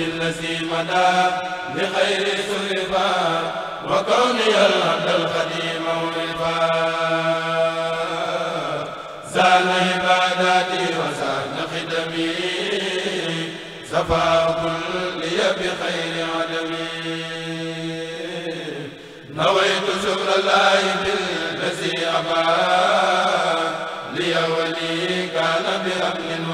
للذي مدى بخير سلفا وكوني العبد الخديم مولفا زال عباداتي وزال خدمي سفا كلي بخير عدمي نويت شكر الله بالذي أبى لي ولي كان بأمن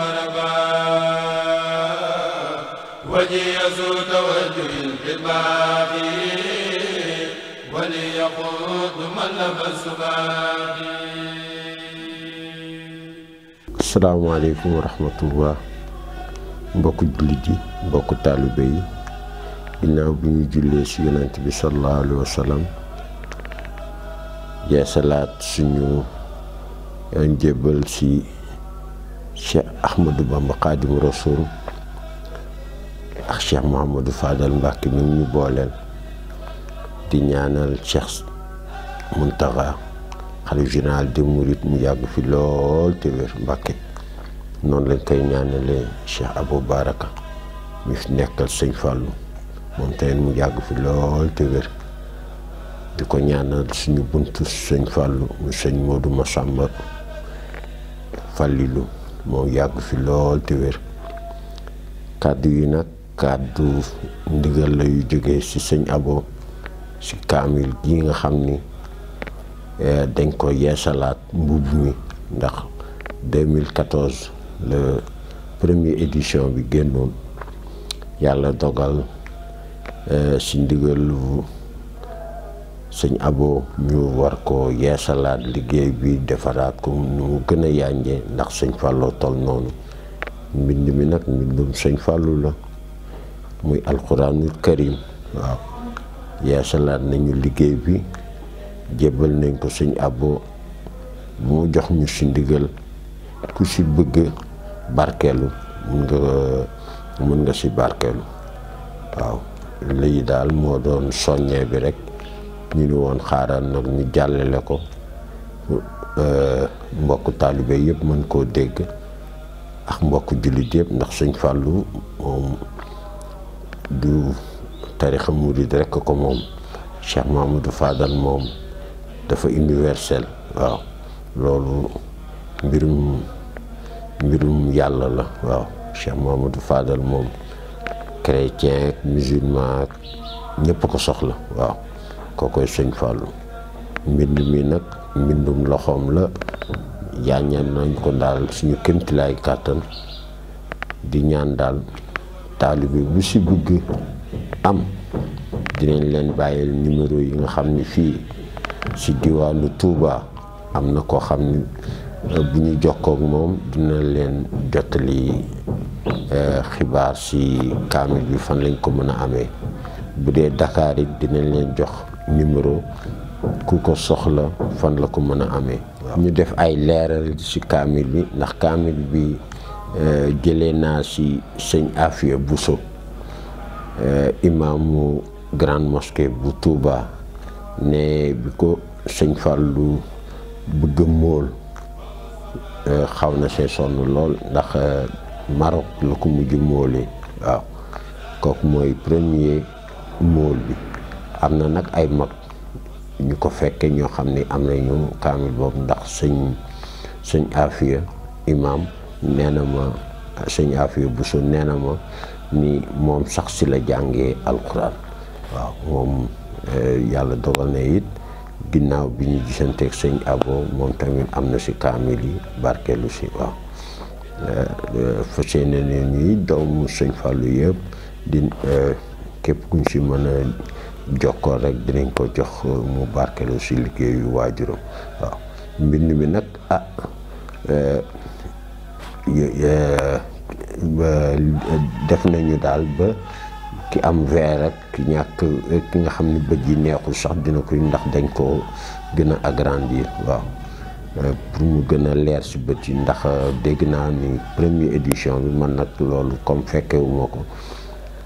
ذو توجه الخباب mbokk jullit yi mbokk taalibe yi ginnaaw bi ñu jullee ci yonent bi sallallahu alayhi wa sallam yeesalaat suñu eh, njébbal ci Cheikh Ahmadou Bamba Xaadimu Rasuul ak Cheikh Mouhamadou Fadal Mbacke mi ñu booleel di ñaanal Cheikh Mountakha xalif général des mourides mu yàgg fi lool te wér Mbacke noonu lañ koy ñaanalee Cheikh Abou Baraka mi fi nekkal sëñ Fallou moom tamit mu yàgg fi lool te wér di ko ñaanal suñu buntu sëñ Fallou mu sëñ Modou Massamba Fallilou moo yàgg fi lool te wér kàddu yi nag kàddu ndigal la yu jóge ci sëñ abo ci kaamil gi nga xam ni eh, dañ ko yeesalaat mbubb mi ndax 2014 la première édition bi génnoon yàlla dogal eh, ci ndigal sëñ abo ñu war ko yeesalaat liggéey bi defaraat ko nu mu gën a yànjee ndax sëñ fàlloo tol noonu mbind mi nag mbindum sëñ fàllu la muy alxuraanul karim waaw yaasalaat nañu liggéey bi jébbal nañ ko suñ abo mu jox ñu si ndigal ku si bëgg barkeelu mun nga mun nga si barkeelu waaw lii daal moo doon soññee bi rek ñu ni woon xaaral nag ñu jàllale ko euh, mbokku taalibe yëpp mën koo dégg ak mbokk jullit yëpp ndax suñ fàllu moom du tarixa murid rek ko moom Cheikh Mahamadou Fadal moom dafa universel waaw loolu mbirum mbirum yàlla la waaw Cheikh Mahamadou Fadal moom chrétien ak musulman ak ñëpp ko soxla waaw kookoy sëñ Fallou mbind mi nag mbindum loxoom la jàññan nañ ko daal suñu kémtilaay kàttan di ñaan daal taalibe bu si bëgg am dinañ leen bàyyil numéro yi nga xam ne fii si diwaanu Touba am na koo xam ni euh, bu ñu jox kook moom dina leen jottali euh, xibaar si kaamil bi fan lañ ko mën a amee bu dee Dakar it dinañ leen jox numéro ku ko soxla fan la ko mën a amee. ñu def ay leeral si kaamil bi ndax kaamil bi. Euh, jëlee naa si sëñ Afia Bousso euh, imaamu grande mosquée bu Touba ne bi ko sëñ Fallou bëgg mool euh, xaw na see sonn lool ndax Maroc la ko mujj moolee waaw kooku mooy premier mool bi am na nag ay mag ñu ko fekkee ñoo xam ni am nañu kaamil boobu ndax sëñ sëñ Afia imaam nee na ma sëñ Afia Bousso nee na ma ni moom sax si la jàngee alxuraan waaw moom eh, yàlla dogal na it ginnaaw bi ñu gisanteeg sëñ Abo moom tamit am na si kaamil yi barkelu si waaw eh, eh, fas yéene ne nii doomu sëñ Fallou yëpp di képp kuñ si mën a jokkoo rek dinañ ko jox mu barkeelu si liggéeyu waajuram waaw mbind mi nag ah def nañu daal ba ki am weer ki ñàkk ki nga xam ne bët yi neexul sax dina koy ndax dañ koo gën a agrandir waaw euh, pour mu gën a leer si bët yi ndax euh, dégg naa ni première édition bi man nag loolu comme fekkewuma ko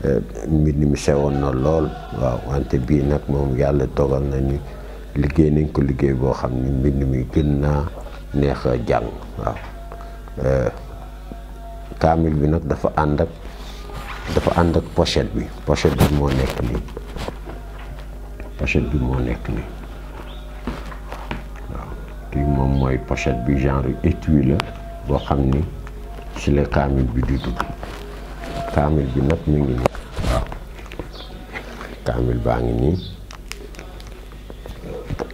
euh, mbir mi sewoon na lool waaw wante bii nag moom yàlla dogal na liggéey nañ ko liggéey boo xam ni mbind mi gën naa neex a jàng waaw kaamil bi nag dafa ànd ak dafa ànd ak pochette bi pochet bi moo nekk nii pochette bi moo nekk nii waaw kii moom mooy pochette bi genre étui la boo xam ni ci la kaamil bi di dugg kaamil bi nag mi ngi nii waaw kaamil baa ngi nii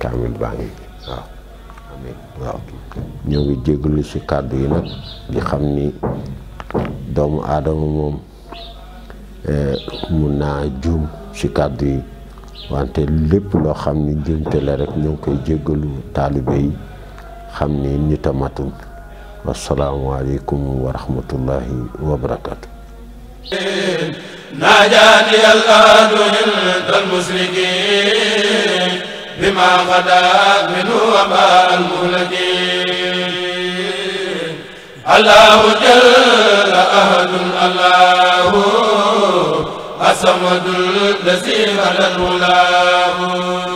kaamil baa ngi waaw waaw ñoo ngi jégalu ci kàddu yi nag di xam ni doomu aadama moom eh, mun naa juum ci wante lépp loo xam ni juumte la rek ñoo ngi koy jéggalu taalibe xam ni nit a matul wasalaamualeykum wa rahmatullahi wa barakatu ناجاني الآن عند المسلمين بما غدا منه وما المهلكين الله جل أهد الله أصمد الذي على الغلام